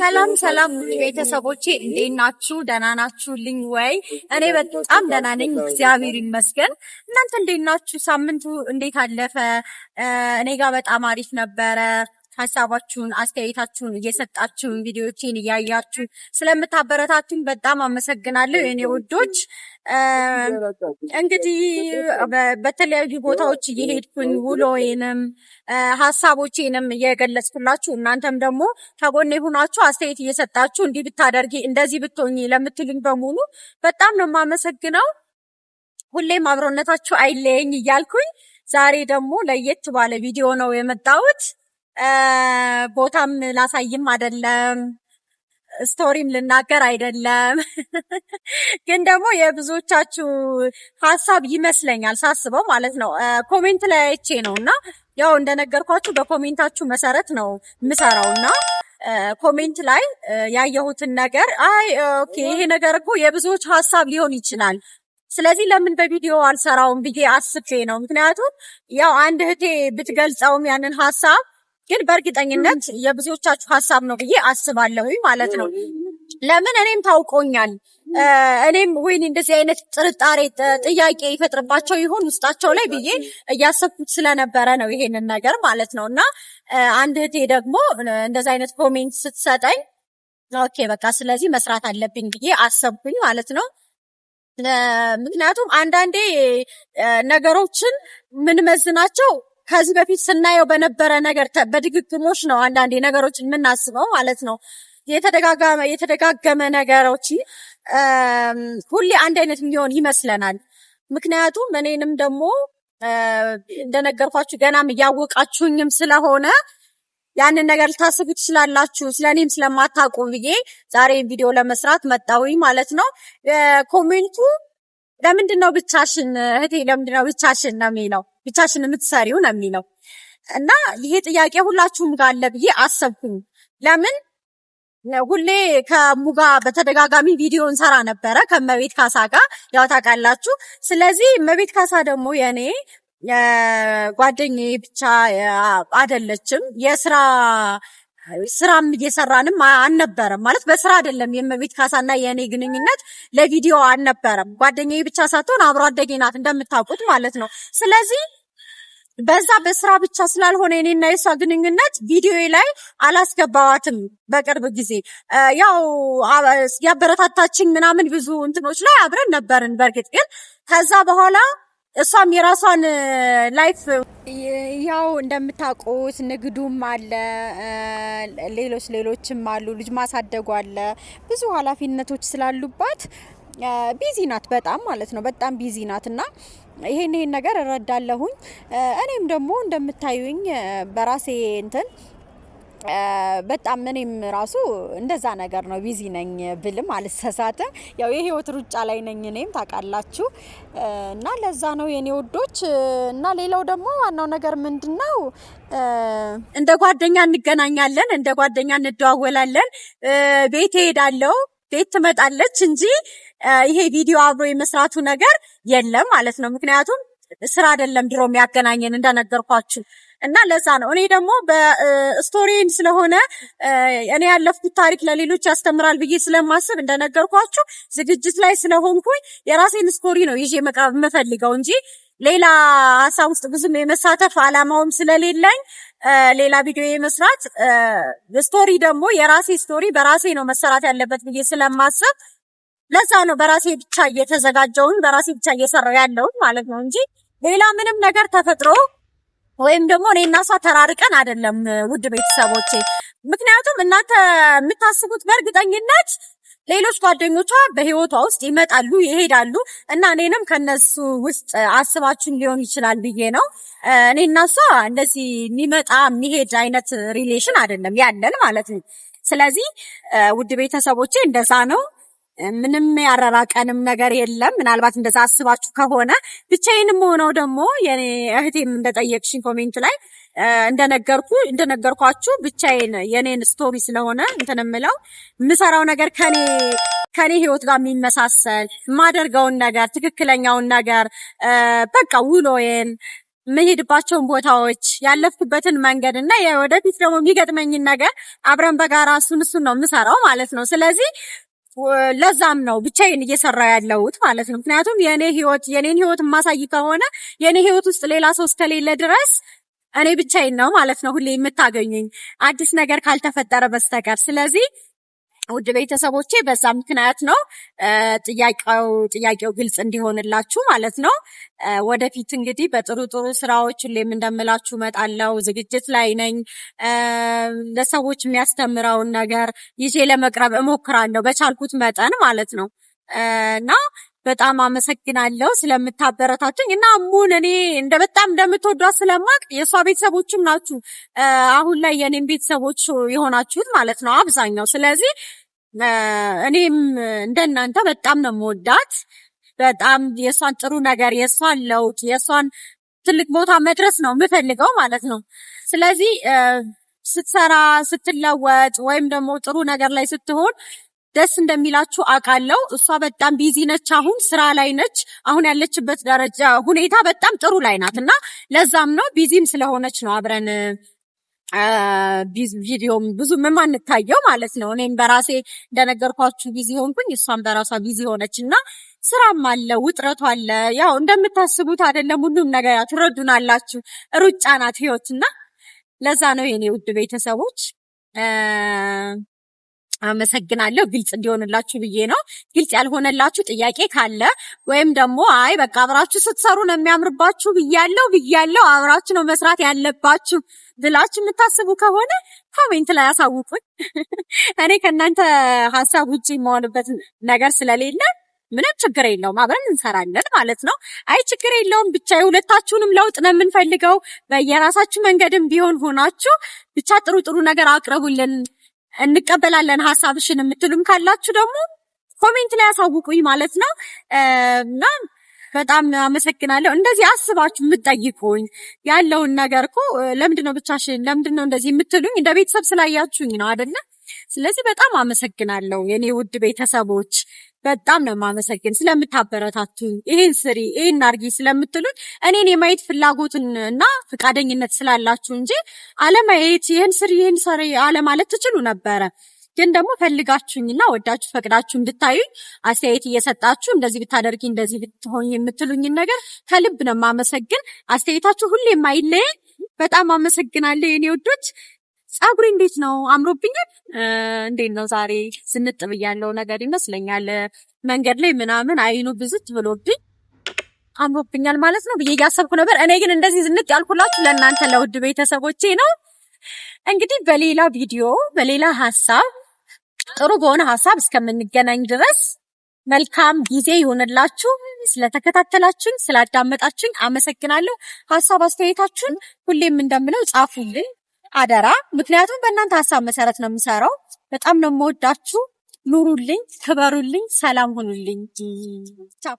ሰላም ሰላም ቤተሰቦቼ እንዴት ናችሁ? ደህና ናችሁልኝ ወይ? እኔ በጣም ደህና ነኝ፣ እግዚአብሔር ይመስገን። እናንተ እንዴት ናችሁ? ሳምንቱ እንዴት አለፈ? እኔ ጋር በጣም አሪፍ ነበረ። ሀሳባችሁን አስተያየታችሁን እየሰጣችሁን ቪዲዮችን እያያችሁ ስለምታበረታቱኝ በጣም አመሰግናለሁ የኔ ውዶች። እንግዲህ በተለያዩ ቦታዎች እየሄድኩኝ ውሎዬንም ሀሳቦቼንም እየገለጽኩላችሁ እናንተም ደግሞ ከጎኔ ሆናችሁ አስተያየት እየሰጣችሁ እንዲህ ብታደርጊ እንደዚህ ብትሆኝ ለምትሉኝ በሙሉ በጣም ነው የማመሰግነው። ሁሌም አብሮነታችሁ አይለየኝ እያልኩኝ ዛሬ ደግሞ ለየት ባለ ቪዲዮ ነው የመጣሁት። ቦታም ላሳይም አይደለም፣ ስቶሪም ልናገር አይደለም። ግን ደግሞ የብዙዎቻችሁ ሀሳብ ይመስለኛል ሳስበው ማለት ነው ኮሜንት ላይ አይቼ ነው እና ያው እንደነገርኳችሁ በኮሜንታችሁ መሰረት ነው የምሰራው እና ኮሜንት ላይ ያየሁትን ነገር አይ ኦኬ፣ ይሄ ነገር እኮ የብዙዎች ሀሳብ ሊሆን ይችላል ስለዚህ ለምን በቪዲዮ አልሰራውም ብዬ አስቤ ነው። ምክንያቱም ያው አንድ እህቴ ብትገልጸውም ያንን ሀሳብ ግን በእርግጠኝነት የብዙዎቻችሁ ሀሳብ ነው ብዬ አስባለሁ ማለት ነው። ለምን እኔም ታውቆኛል። እኔም ወይኔ እንደዚህ አይነት ጥርጣሬ ጥያቄ ይፈጥርባቸው ይሆን ውስጣቸው ላይ ብዬ እያሰብኩት ስለነበረ ነው ይሄንን ነገር ማለት ነው። እና አንድ እህቴ ደግሞ እንደዚህ አይነት ኮሜንት ስትሰጠኝ ኦኬ በቃ ስለዚህ መስራት አለብኝ ብዬ አሰብኩኝ ማለት ነው። ምክንያቱም አንዳንዴ ነገሮችን ምንመዝናቸው ከዚህ በፊት ስናየው በነበረ ነገር በድግግሞች ነው አንዳንዴ ነገሮች የምናስበው ማለት ነው። የተደጋገመ ነገሮች ሁሌ አንድ አይነት የሚሆን ይመስለናል። ምክንያቱም እኔንም ደግሞ እንደነገርኳችሁ ገናም እያወቃችሁኝም ስለሆነ ያንን ነገር ልታስቡ ትችላላችሁ። እኔም ስለማታውቁ ብዬ ዛሬ ቪዲዮ ለመስራት መጣሁኝ ማለት ነው ኮሜንቱ ለምንድን ነው ብቻሽን እህቴ ለምንድን ነው ብቻሽን ነው የሚለው ብቻሽን የምትሰሪው ነው የሚለው እና ይሄ ጥያቄ ሁላችሁም ጋር አለ ብዬ አሰብኩኝ። ለምን ሁሌ ከሙጋ በተደጋጋሚ ቪዲዮ እንሰራ ነበረ ከመቤት ካሳ ጋር ያው ታውቃላችሁ። ስለዚህ መቤት ካሳ ደግሞ የእኔ ጓደኛዬ ብቻ አይደለችም የስራ ስራም እየሰራንም አልነበረም። ማለት በስራ አይደለም የመቤት ካሳና የእኔ ግንኙነት ለቪዲዮ አልነበረም። ጓደኛዬ ብቻ ሳትሆን አብሮ አደጌ ናት እንደምታውቁት ማለት ነው። ስለዚህ በዛ በስራ ብቻ ስላልሆነ የኔና የሷ ግንኙነት ቪዲዮ ላይ አላስገባዋትም። በቅርብ ጊዜ ያው ያበረታታችን ምናምን ብዙ እንትኖች ላይ አብረን ነበርን። በእርግጥ ግን ከዛ በኋላ እሷም የራሷን ላይፍ ያው እንደምታውቁት ንግዱም አለ፣ ሌሎች ሌሎችም አሉ፣ ልጅ ማሳደጉ አለ። ብዙ ኃላፊነቶች ስላሉባት ቢዚ ናት፣ በጣም ማለት ነው። በጣም ቢዚ ናት እና ይሄን ይሄን ነገር እረዳለሁኝ። እኔም ደግሞ እንደምታዩኝ በራሴ እንትን በጣም እኔም ራሱ እንደዛ ነገር ነው። ቢዚ ነኝ ብልም አልሰሳትም። ያው የህይወት ሩጫ ላይ ነኝ እኔም ታውቃላችሁ። እና ለዛ ነው የኔ ውዶች። እና ሌላው ደግሞ ዋናው ነገር ምንድን ነው እንደ ጓደኛ እንገናኛለን፣ እንደ ጓደኛ እንደዋወላለን። ቤት እሄዳለሁ፣ ቤት ትመጣለች እንጂ ይሄ ቪዲዮ አብሮ የመስራቱ ነገር የለም ማለት ነው ምክንያቱም ስራ አይደለም ድሮ የሚያገናኘን እንደነገርኳችሁ እና ለዛ ነው እኔ ደግሞ በስቶሪን ስለሆነ እኔ ያለፍኩት ታሪክ ለሌሎች ያስተምራል ብዬ ስለማስብ እንደነገርኳችሁ ዝግጅት ላይ ስለሆንኩኝ የራሴን ስቶሪ ነው ይዤ መቅረብ የምፈልገው እንጂ ሌላ ሀሳብ ውስጥ ብዙም የመሳተፍ አላማውም ስለሌለኝ ሌላ ቪዲዮ የመስራት ስቶሪ ደግሞ የራሴ ስቶሪ በራሴ ነው መሰራት ያለበት ብዬ ስለማስብ ለዛ ነው በራሴ ብቻ እየተዘጋጀውን በራሴ ብቻ እየሰራው ያለውን ማለት ነው እንጂ ሌላ ምንም ነገር ተፈጥሮ ወይም ደግሞ እኔ እና እሷ ተራርቀን አይደለም ውድ ቤተሰቦቼ። ምክንያቱም እናንተ የምታስቡት በእርግጠኝነት ሌሎች ጓደኞቿ በህይወቷ ውስጥ ይመጣሉ ይሄዳሉ፣ እና እኔንም ከነሱ ውስጥ አስባችን ሊሆን ይችላል ብዬ ነው። እኔ እና እሷ እንደዚህ የሚመጣ የሚሄድ አይነት ሪሌሽን አይደለም ያለን ማለት ነው። ስለዚህ ውድ ቤተሰቦቼ እንደዛ ነው። ምንም ያራራቀንም ነገር የለም። ምናልባት እንደዛ አስባችሁ ከሆነ ብቻዬንም ሆነው ደግሞ የኔ እህቴም እንደጠየቅሽኝ ኮሜንት ላይ እንደነገርኩ እንደነገርኳችሁ ብቻዬን የኔን ስቶሪ ስለሆነ እንትን የምለው የምሰራው ነገር ከኔ ከኔ ህይወት ጋር የሚመሳሰል የማደርገውን ነገር ትክክለኛውን ነገር በቃ ውሎዬን መሄድባቸውን ቦታዎች ያለፍኩበትን መንገድ እና ወደፊት ደግሞ የሚገጥመኝን ነገር አብረን በጋራ እሱን እሱን ነው የምሰራው ማለት ነው። ስለዚህ ለዛም ነው ብቻዬን እየሰራ ያለሁት ማለት ነው። ምክንያቱም የእኔ ህይወት የእኔን ህይወት የማሳይ ከሆነ የእኔ ህይወት ውስጥ ሌላ ሰው እስከሌለ ድረስ እኔ ብቻዬን ነው ማለት ነው ሁሌ የምታገኙኝ አዲስ ነገር ካልተፈጠረ በስተቀር ስለዚህ ውድ ቤተሰቦቼ በዛ ምክንያት ነው ጥያቄው ጥያቄው ግልጽ እንዲሆንላችሁ ማለት ነው። ወደፊት እንግዲህ በጥሩ ጥሩ ስራዎች ሁሌም እንደምላችሁ እመጣለሁ። ዝግጅት ላይ ነኝ። ለሰዎች የሚያስተምረውን ነገር ይዤ ለመቅረብ እሞክራለሁ በቻልኩት መጠን ማለት ነው እና በጣም አመሰግናለሁ ስለምታበረታችኝ እና ሙን እኔ እንደ በጣም እንደምትወዷት ስለማቅ የእሷ ቤተሰቦችም ናችሁ አሁን ላይ የኔም ቤተሰቦች የሆናችሁት ማለት ነው አብዛኛው። ስለዚህ እኔም እንደናንተ በጣም ነው የምወዳት። በጣም የእሷን ጥሩ ነገር፣ የእሷን ለውጥ፣ የእሷን ትልቅ ቦታ መድረስ ነው የምፈልገው ማለት ነው። ስለዚህ ስትሰራ ስትለወጥ፣ ወይም ደግሞ ጥሩ ነገር ላይ ስትሆን ደስ እንደሚላችሁ አውቃለሁ። እሷ በጣም ቢዚ ነች፣ አሁን ስራ ላይ ነች። አሁን ያለችበት ደረጃ ሁኔታ በጣም ጥሩ ላይ ናት እና ለዛም ነው ቢዚም ስለሆነች ነው አብረን ቪዲዮም ብዙ አንታየው ማለት ነው። እኔም በራሴ እንደነገርኳችሁ ቢዚ ሆንኩኝ፣ እሷም በራሷ ቢዚ ሆነች እና ስራም አለ፣ ውጥረቱ አለ። ያው እንደምታስቡት አይደለም ሁሉም ነገር ትረዱናላችሁ። ሩጫ ናት ህይወት እና ለዛ ነው የኔ ውድ ቤተሰቦች አመሰግናለሁ። ግልጽ እንዲሆንላችሁ ብዬ ነው። ግልጽ ያልሆነላችሁ ጥያቄ ካለ ወይም ደግሞ አይ በቃ አብራችሁ ስትሰሩ ነው የሚያምርባችሁ ብያለሁ ብያለሁ አብራችሁ ነው መስራት ያለባችሁ ብላችሁ የምታስቡ ከሆነ ኮሜንት ላይ አሳውቁኝ። እኔ ከእናንተ ሀሳብ ውጭ የመሆንበት ነገር ስለሌለ ምንም ችግር የለውም። አብረን እንሰራለን ማለት ነው። አይ ችግር የለውም ብቻ የሁለታችሁንም ለውጥ ነው የምንፈልገው። በየራሳችሁ መንገድም ቢሆን ሆናችሁ ብቻ ጥሩ ጥሩ ነገር አቅርቡልን እንቀበላለን ሀሳብሽን የምትሉም ካላችሁ ደግሞ ኮሜንት ላይ ያሳውቁኝ ማለት ነው እና በጣም አመሰግናለሁ። እንደዚህ አስባችሁ የምትጠይቁኝ ያለውን ነገር እኮ ለምንድን ነው ብቻሽን፣ ለምንድን ነው እንደዚህ የምትሉኝ እንደ ቤተሰብ ስላያችሁኝ ነው አይደለ? ስለዚህ በጣም አመሰግናለሁ የኔ ውድ ቤተሰቦች። በጣም ነው የማመሰግን ስለምታበረታቱኝ፣ ይህን ስሪ፣ ይህን አርጊ ስለምትሉኝ እኔን የማየት ፍላጎትን እና ፈቃደኝነት ስላላችሁ እንጂ አለማየት ይህን ስሪ፣ ይህን ሰሪ አለማለት ትችሉ ነበረ። ግን ደግሞ ፈልጋችሁኝና ወዳችሁ ፈቅዳችሁ እንድታዩኝ አስተያየት እየሰጣችሁ እንደዚህ ብታደርጊ እንደዚህ ብትሆኝ የምትሉኝን ነገር ከልብ ነው የማመሰግን። አስተያየታችሁ ሁሌም አይለየኝ። በጣም አመሰግናለሁ የኔ ውዶች። ፀጉሬ እንዴት ነው? አምሮብኛል? እንዴት ነው ዛሬ ስንጥብ ያለው ነገር ይመስለኛል። መንገድ ላይ ምናምን አይኑ ብዝት ብሎብኝ አምሮብኛል ማለት ነው ብዬ እያሰብኩ ነበር። እኔ ግን እንደዚህ ዝንጥ ያልኩላችሁ ለእናንተ ለውድ ቤተሰቦቼ ነው። እንግዲህ በሌላ ቪዲዮ በሌላ ሀሳብ ጥሩ በሆነ ሀሳብ እስከምንገናኝ ድረስ መልካም ጊዜ ይሆንላችሁ። ስለተከታተላችሁኝ፣ ስላዳመጣችሁኝ አመሰግናለሁ። ሀሳብ አስተያየታችሁን ሁሌም እንደምለው ጻፉልኝ። አደራ። ምክንያቱም በእናንተ ሀሳብ መሰረት ነው የምሰራው። በጣም ነው የምወዳችሁ። ኑሩልኝ፣ ክበሩልኝ፣ ሰላም ሁኑልኝ። ቻው